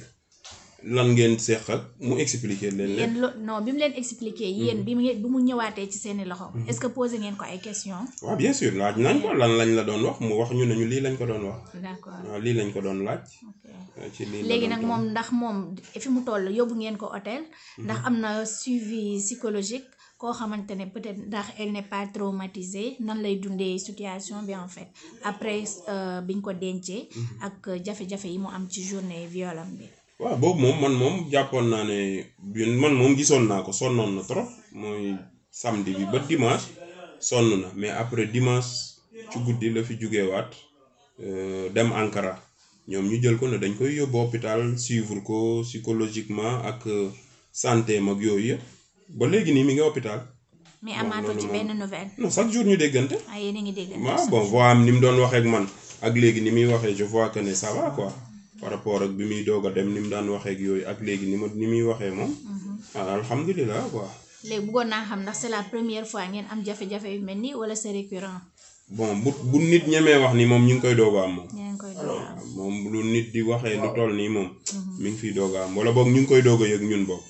lan ngeen seq mu expliqué leen. yéen lo bi mu leen expliquer yéen mm-hmm. bi mu bi mu ñëwaatee ci seeni loxo. Mm-hmm. est-ce que posé ngeen ko ay questions. waaw bien sûr laaj nañ ko lan lañ la doon wax mu wax ñu ne ñu lii lañ ko doon wax. d'accord waaw lii lañ ko doon laaj. Euh, ci léegi nag moom ndax moom fi mu toll yóbbu ngeen ko hôtel. Mm-hmm. ndax am na suivi psychologique. koo xamante ne peut-être ndax elle ne pas traumatisée nan lay dundee situation bi en fait après euh, biñ ko dencee. ak jafe yi mu am ci journée violente bi. waaw boobu moom man moom jàppoon naa ne man moom gisoon naa ko sonnoon na trop mooy samedi bi ba dimanche sonn na mais après dimanche ci guddi la fi jugewaat euh, dem Ankara ñoom ñu jël ko ne dañ koy yóbbu hôpital suivre ko psychologiquement ak euh, santé mag yooyu yëpp ba léegi nii mi ngi hôpital. mais amaatoo ci benn nouvelle. chaque jour ñu déggante. ah yéen a bon voix am ni mu doon waxee ak man ak léegi ni muy waxee je vois que ne ça quoi. par ak bi muy doog dem ni mu daan waxee yooyu ak léegi ni ma ni muy waxee moom. Mm-hmm. Ah, alhamdulilah quoi. léegi bëggoon naa xam ndax c'est la première fois ngeen am jafe-jafe yu mel nii wala c'est récurrent. bon bu bu nit ñemee wax nii moom ñu ngi koy doog a am moom. koy doog a moom lu nit di waxee lu toll nii moom. Mm-hmm. mi ngi fiy doog am wala boog ñu ngi koy doog a yëg ñun boog.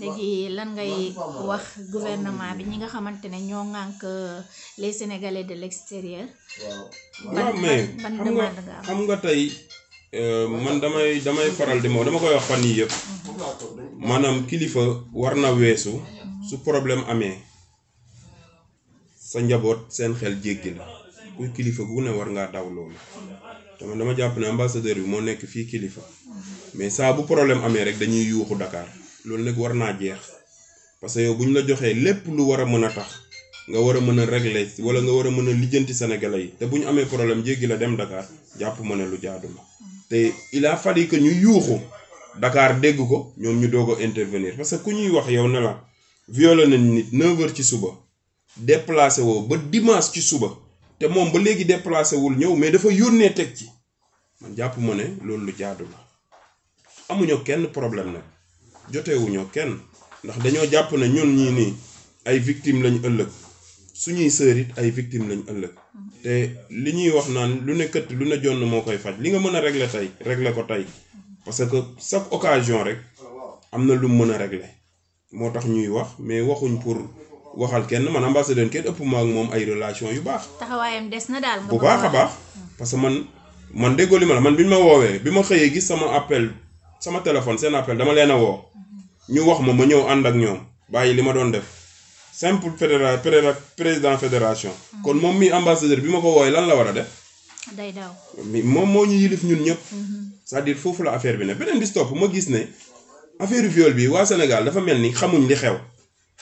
léegi lan ngay wax gouvernement bi ñi nga xamante ne ñoo ŋànk euh, les sénégalais de l'extérieur. waaw nga xam nga tey. Euh, man damay damay faral di ma dama koy wax fan yii yëpp maanaam kilifa war na weesu su problème amee sa njaboot seen xel jéggi la ku kilifa gu ne war ngaa daw loolu te man dama jàpp ne ambassadeur bi moo nekk fii kilifa mais saa bu problème amee rek dañuy yuuxu dakaar loolu nag war naa jeex parce que yow bu ñu la joxee lépp lu war a mën a tax nga war a mën a régler wala nga war a mën a lijjanti Sénégalais yi te bu ñu amee problème jéggi la dem Dakar jàpp ma ne lu jaadu te il a que ñu yuuxu dakaar dégg ko ñoom ñu doog a intervenir parce que ku ñuy wax yow ne la violé nañ nit 9 ci suba déplacé woo ba dimanche ci suba te moom ba léegi déplacé wul ñëw mais dafa yónnee teg ci man jàpp ma ne loolu lu jaadu la amuñu kenn problème nag joteewuñu kenn ndax dañoo jàpp na ñun ñii nii ay victimes lañ ëllëg suñuy sœur it ay victimes lañ ëllëg. te li ñuy wax naan lu ne këtt lu ne jonn moo koy faj li nga mën a régler tey régler ko tey parce que chaque occasion rek am na lu mën a regle moo tax ñuy wax mais waxuñ pour waxal kenn man ambassadeur kenn ëpp ma ak moom ay relation yu baax. taxawaayam des na daal. bu baax a baax parce que man man déggoo li ma la man bi ma woowee bi ma xëyee gis sama appel sama téléphone seen appel dama leen a woo mhm. ñu wax ma ma ñëw ànd ak ñoom bàyyi li ma doon def. simple fédéra président fédération. kon moom mi ambassadeur bi ma ko wooyee lan la war a def. day daw moom moo ñu yilif ñun ñëpp. Mhm. sa à foofu la affaire bi ne beneen bi ma gis ne affaire viol bi waa Sénégal dafa mel ni xamuñ li xew.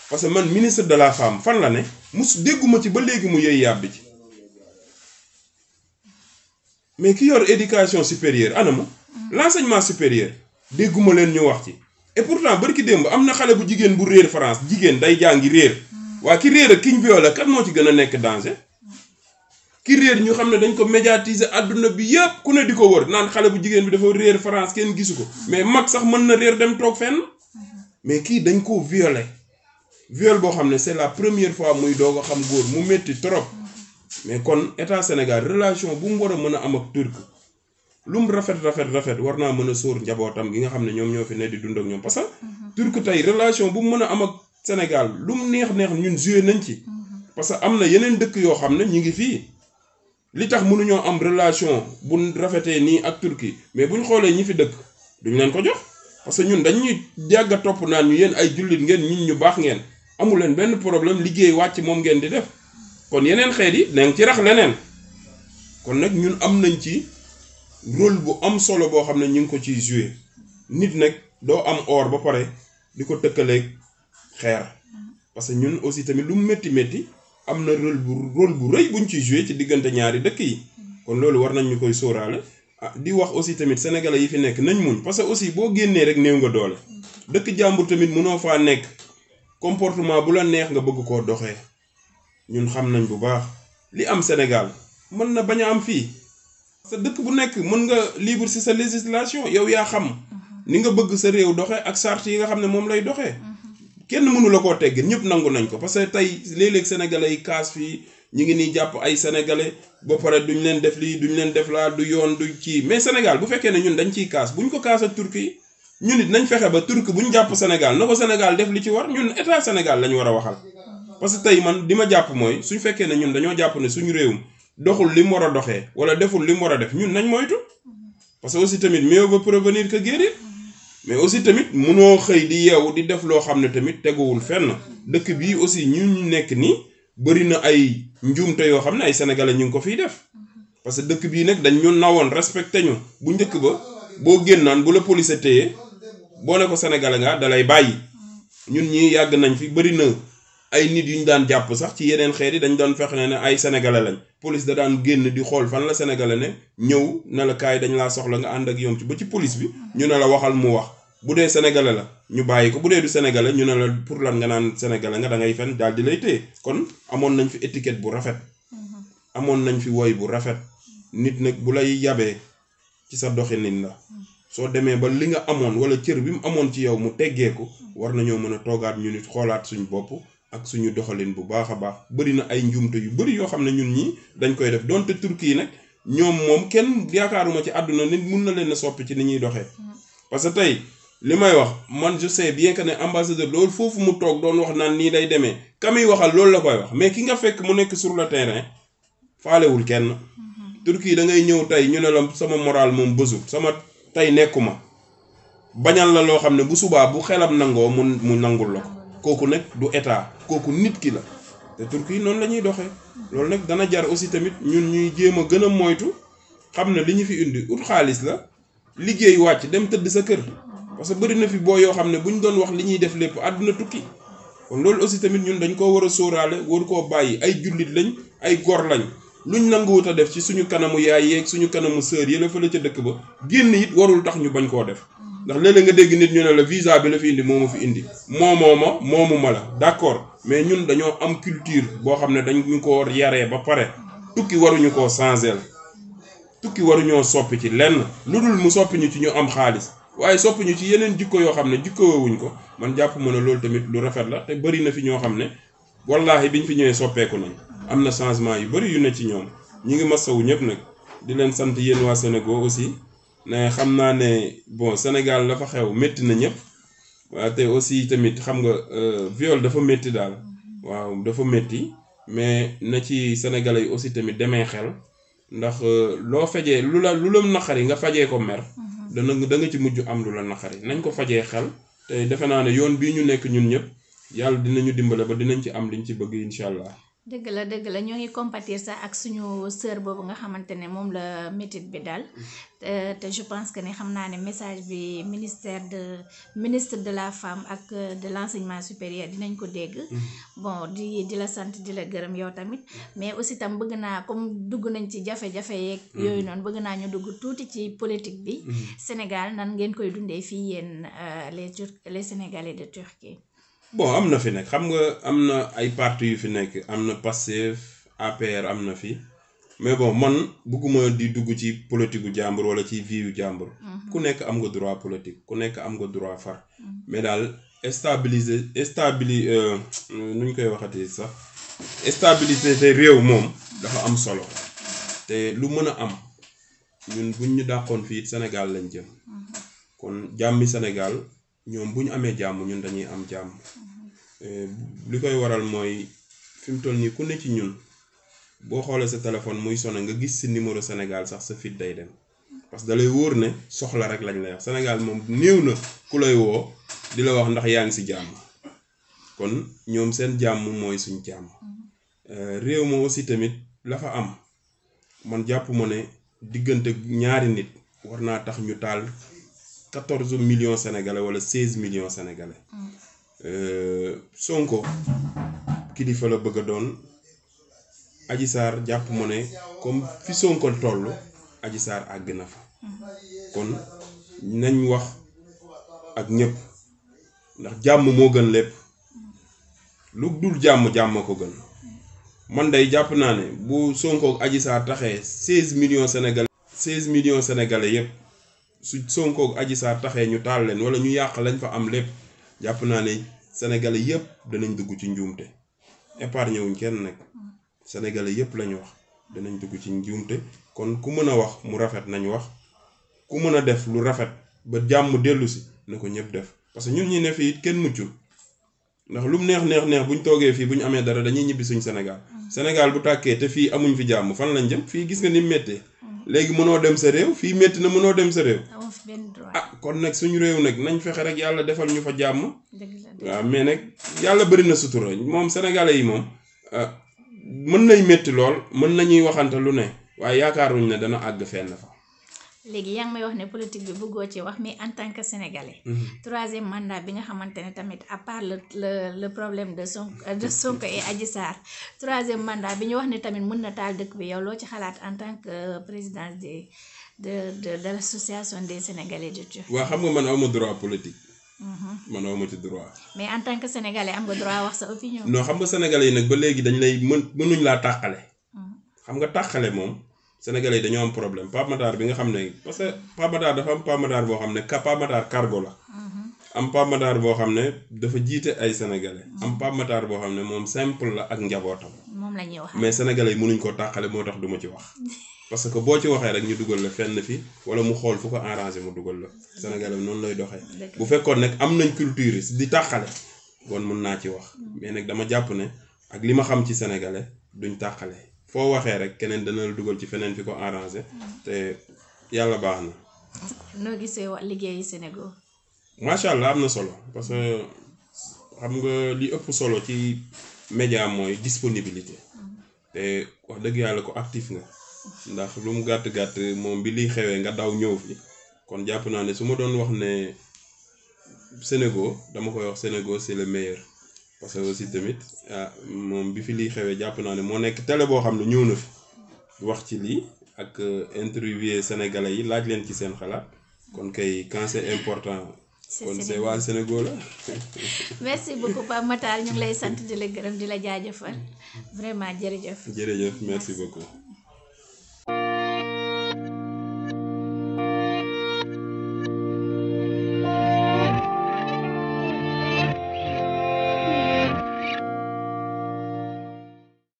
parce que man ministre de la femme fan la ne mus dégguma ci ba léegi mu yëy yàbbi ci mais ki yor éducation supérieure anama mhm. l'enseignement supérieur dégguma leen ñu wax ci et pourtant bari ki démb am na xale bu jigéen bu réer France jigéen day jàngi réer waa ki réer ak ki ñu violé kan moo ci gën a nekk danger ki réer ñu xam ne dañ ko médiatiser àdduna bi yëpp ku ne di ko wër naan xale bu jigéen bi dafa réer France kenn gisu ko mais mag sax mën na réer dem toog fenn mais kii dañ ko violé viol boo xam ne c'est la première fois muy doog a xam góor mu métti trop mais kon état Sénégal relation bu mu war a mën a am ak lu mu rafet rafet rafet war naa mën a sóor njabootam gi nga xam ne ñoom ñoo fi ne di dund ak ñoom parce que. Mhm. turc tey relation bu mu mën a am ak Sénégal lu mu neex neex ñun joué nañ ci. Mhm. parce que am na yeneen dëkk yoo xam ne ñu ngi fii li tax mënuñoo am relation bu rafetee nii ak Turquie mais buñ xoolee ñi fi dëkk duñ leen ko jox parce que ñun dañuy jàgg topp naan ñu yéen ay jullit ngeen ñun ñu baax ngeen amul leen benn problème liggéey wàcc moom ngeen di def kon yeneen xeet yi nañ ci rax leneen kon nag ñun am nañ ci rôle bu am solo boo xam ne ñu ngi ko ci joué nit nag doo am or ba pare di ko tëkkaleeg xeer parce que ñun aussi tamit lu métti métti am na rôle bu rôle bu rëy buñ ciy joué ci diggante ñaari dëkk yi kon loolu war nañ ñu koy sóoraale ah di wax aussi tamit sénégalais yi fi nekk nañ muñ parce que aussi boo génnee rek néew nga doole dëkk jàmbur tamit munoo faa nekk comportement bu la neex nga bëgg koo doxee ñun xam nañ bu baax li am Sénégal mën na bañ a am fii. sa dëkk bu nekk mën nga libre si sa législation yow yaa xam ni nga bëgg sa réew doxee ak charte yi nga xam ne moom lay doxee kenn mënula koo teggin ñëpp nangu nañ ko parce que tey léeg-léeg kaas fii ñu ngi nii jàpp ay sénégalais ba pare duñ leen def lii duñ leen def laa du yoon du kii mais Sénégal bu fekkee ne ñun dañ ciy kaas bu ñu ko kaas ak turki ñu it nañ fexe ba turki ñu jàpp Sénégal na ko Sénégal def li ci war ñun état Sénégal lañ war a waxal parce que tey man di ma jàpp mooy suñ fekkee ne ñun dañoo jàpp ne suñu réewum doxul li mu war a doxee wala deful li mu war a def ñun nañ moytu parce que aussi tamit mieux ba provenir que guérir mais aussi tamit mënoo xëy di yeewu di def loo xam ne tamit teguwul fenn dëkk bii aussi ñun ñu nekk nii bëri na ay njuumte yoo xam ne ay sénégalais ñu ngi ko fiy def parce que dëkk bii nag dañ ñu nawoon respecté ñu bu njëkk ba boo génnaan bu la police téye boo ne ko sénégalais nga dalay bàyyi ñun ñii yàgg nañ fi bëri na. ay nit yu ñu daan jàpp sax ci yeneen xeet yi dañ doon fexe ne ay sénégalais lañ police da daan génn di xool fan la sénégalais ne ñëw na la kaay dañ laa soxla nga ànd ak yoom ci ba ci police bi ñu ne la waxal mu wax bu dee sénégalais la ñu bàyyi ko bu dee du sénégalais ñu ne la pour lan nga naan sénégalais nga da ngay fen daal di lay téye kon amoon nañ fi étiquette bu rafet mm-hmm. amoon nañ fi woy bu rafet nit nag bu lay yabee ci sa doxalin la mm-hmm. soo demee ba li nga amoon wala cër bi mu amoon ci yow mu teggeeku mm-hmm. war nañoo mën a toogaat ñu nit xoolaat suñu bopp ak suñu doxalin bu baax a baax bëri na ay njuumte yu bëri yoo xam ne ñun ñi dañ koy def donte turki yi nag ñoom moom kenn yaakaaruma ci àdduna nit mun na leen a soppi ci ni ñuy doxee. parce que tey li may wax man je sais bien que ne ambassadeur loolu foofu mu toog doon wax naan nii day demee kamiy waxal loolu la koy wax mais ki nga fekk mu nekk sur le terrain faalewul kenn. turki da ngay ñëw tey ñu ne la sama moral moom bësul sama tey nekkuma bañal na loo xam ne bu subaa bu xelam nangoo mu mu nangul la ko. kooku nag du état kooku nit ki la te turki noonu la ñuy doxee loolu nag dana jar aussi tamit ñun ñuy jéem a gën a moytu xam ne li ñu fi indi ut xaalis la liggéey wàcc dem tëdd sa kër parce que bëri na fi boo yoo xam ne bu ñu doon wax li ñuy def lépp àdduna tukki kon loolu aussi tamit ñun dañ koo war a sóoraale war koo bàyyi ay jullit lañ ay gor lañ luñ nanguwut a def ci suñu kanamu yaay yeeg suñu kanamu sœur yële fa la ca dëkk ba génn it warul tax ñu bañ koo def ndax léeg nga dégg nit ñu ne la visa bi la fi indi moo mu fi indi moomoo ma moomu ma la d'accord mais ñun dañoo am culture boo xam ne dañ ñu ko yaree ba pare tukki waruñu koo changer tukki waruñoo soppi ci lenn lu dul mu soppi ñu ci ñu am xaalis waaye soppi ñu ci yeneen jikko yoo xam ne jikkoowuñ ko man jàpp ma ne loolu tamit lu rafet la te bëri na fi ñoo xam ne wallaahi biñ fi ñëwee soppeeku nañ am na changement yu bëri yu ne ci ñoom ñu ngi masawu ñëpp nag di leen sant yéen waa Sénégal aussi. ne xam naa ne bon Sénégal dafa fa xew métti na ñëpp waaye te aussi tamit xam nga euh, viol dafa métti daal waaw dafa métti mais na ci sénégalais yi aussi tamit demee xel ndax euh, loo fajee lu la lu la naqari nga fajee ko mer. Mhm. dana da nga ci mujj am lu la naqari nañ ko fajee xel te defe naa ne yoon bii ñu nekk ñun ñëpp yàlla dinañu dimbale ba dinañ ci am ñu ci bëgg incha allah. dëgg la dëgg la ñoo ngi compatir sax ak suñu sœur boobu nga xamante ne moom la métit bi daal euh, te je pense que ni xam naa ne message bi ministère de ministre de la femme ak euh, de l'enseignement supérieur dinañ ko dégg mm-hmm. bon di di la sant di la gërëm yow tamit mais aussi tam bëgg naa comme dugg nañ ci jafe-jafe yeeg mm-hmm. yooyu noonu bëgg naa ñu dugg tuuti ci politique bi mm-hmm. Sénégal nan ngeen koy dundee fii yéen euh, les les Sénégalais de Turquie bo am na fi nekk xam nga am na ay parti yu fi nekk am na Pastef APR am na fi mais bon man bugguma di dugg ci politique gu jàmbur wala ci vie jàmbur. Mhm. ku nekk am nga droit politique ku nekk am nga droit far. Mhm. mais daal stabiliser stabili euh, nu ñu koy waxatee sax stabiliser te réew moom dafa am solo te lu mën a am ñun buñ ñu dàqoon fii Sénégal lañ jëm mhm. kon jàmmi Sénégal. ñoom bu ñu amee jàmm ñun dañuy am jàmm eh, li koy waral mooy fi mu toll nii ku ne ci ñun boo xoolee sa téléphone muy sonné nga gis si numéro Sénégal sax sa fit day dem parce que lay wóor ne soxla rek lañ lay wax moom néew na ku lay woo di la wax ndax yaa ngi si jàmm kon ñoom seen jàmm mooy suñ jàmm eh, réew ma aussi tamit la fa am man jàpp ma ne diggante ñaari nit war naa tax ñu taal quatorze millions sénégalais wala seize millions sénégalais. Euh, Sonko kilifa la bëgg a doon Adji jàpp ma ne comme fi Sonko toll Adji Sarr àgg na fa. kon nañ wax ak ñëpp ndax jàmm moo gën lépp lu dul jàmm jàmm ko gën man day jàpp naa ne bu Sonko Adji Sarr taxee seize millions sénégalais. seize millions sénégalais yëpp. su Sonkoog aji Sarr taxee ñu taal leen wala ñu yàq lañ fa am lépp jàpp naa ne sénégalais yëpp danañ dugg ci njuumte épargne wuñ kenn nag sénégalais yëpp lañ wax danañ dugg ci njuumte kon ku mën a wax mu rafet nañu wax ku mën a def lu rafet ba jàmm dellu si na ko ñëpp def parce que ñun ñi ne fii kenn muccul ndax lu mu neex neex neex bu ñu toogee fii bu ñu amee dara dañuy ñibbi suñ Sénégal mm. Sénégal bu tàkkee te fii amuñ fi jàmm fan lañ jëm fii gis nga ni mu méttee mm. léegi mënoo dem sa réew fii métti na mënoo dem sa réew ah kon nag suñu réew nag nañ fexe rek yàlla defal ñu fa jàmm waaw mais nag yàlla bëri na sutura moom sénégalais yi moom ah, mën nay métti lool mën nañuy waxante lu ne waaye yaakaaruñ ne dana àgg fenn fa léegi yaa ngi may wax ne politique bi bëggoo ci wax mais en tant que sénégalais. Mm-hmm. troisième mandat bi nga xamante ne tamit à part le le problème de son euh, de Sonko et Adji troisième mandat bi ñu wax ne tamit mën na taal dëkk bi yow loo ci xalaat en tant que euh, président de de de de l'association des sénégalais de Turquie. waaw xam nga man awma droit politique. Mm-hmm. man awma ci droit. mais en tant que sénégalais am nga droit wax sa opinion. non xam nga sénégalais yi nag ba léegi dañ lay mën mënuñ laa mm-hmm. xam nga tàqale moom. sénégalais yi dañoo am problème Pape Matar bi nga xam ne parce que Pape Matar dafa am Pape Matar boo xam ne ka Pape Matar la. Mhm. am Pape Matar boo xam ne dafa jiite ay sénégalais. Mhm. am Pape Matar boo xam ne moom simple la ak njabootam. mais sénégalais yi mënuñ ko tàqale moo tax du ma ci wax. parce que boo ci waxee rek ñu dugal la fenn fi wala mu xool fu ko arrangé mu dugal la sénégalais noonu lay doxee. bu fekkoon nag am nañ culture di tàqale. kon mun naa ci wax. mais nag dama jàpp ne ak li ma xam ci sénégalais duñ tàqale. foo waxee rek keneen dana la dugal ci feneen fi ko arrangé te yàlla baax na. noo gisee liggéeyu Sénégal. macha allah am na solo parce que xam nga li ëpp solo ci média mooy disponibilité. Mm-hmm. te wax dëgg yàlla ko actif nga. ndax lu mu gàtt gàtt moom bi liy xewee nga daw ñëw fi kon jàpp naa ne su ma doon wax ne Sénégal dama koy wax Sénégal c'est le meilleur. parce que aussi tamit ah moom bi fi lii xewee jàpp naa ne moo nekk télé boo xam ne ñëw na fi wax ci lii ak euh, interviewer sénégalais yi laaj leen ci seen xalaat kon kay quand important. kon c'est waa Sénégal la. merci beaucoup Pape Matar ñu lay sant di la gërëm di la jaajëfal vraiment jërëjëf. jërëjëf merci beaucoup.